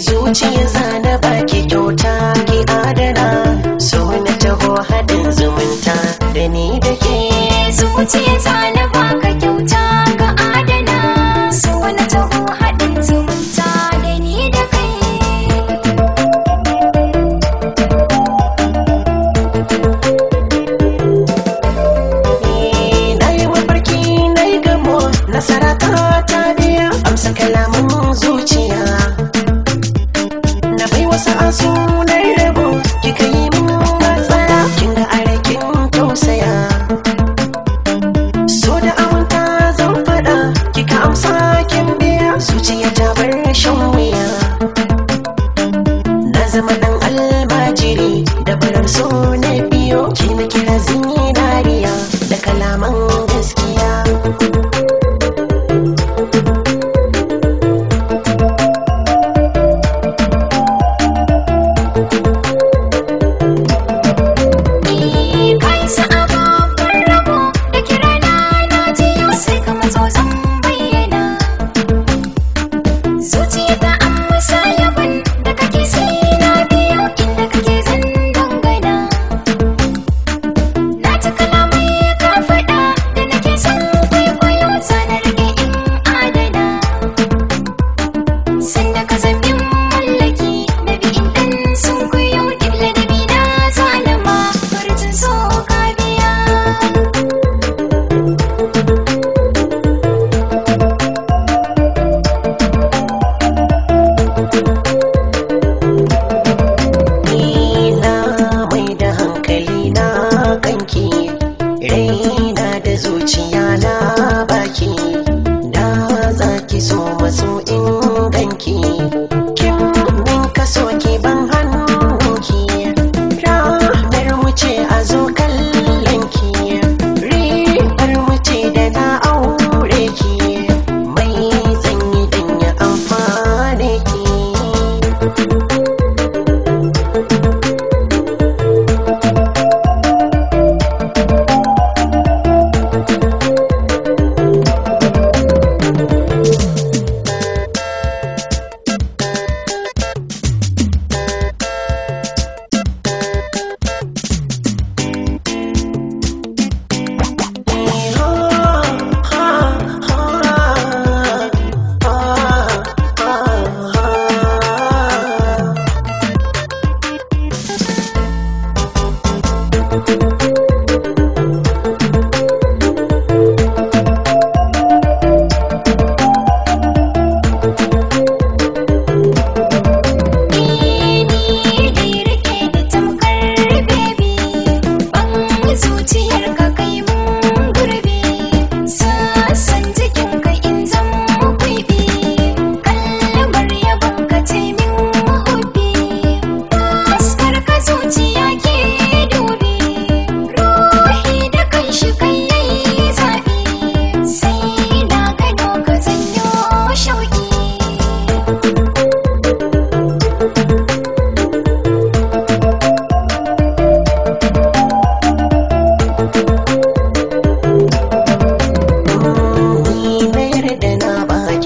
zuciya zana baki kyauta ki adana so na taho hadin zumunta da ni da ke zuciya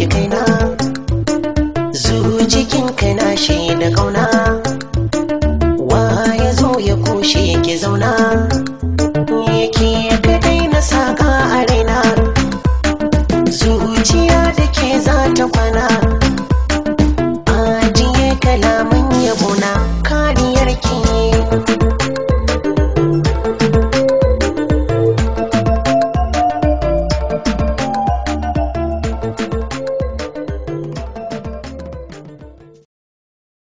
zu kaina ka na shi da ƙauna wa ya zo ya kushe ki zauna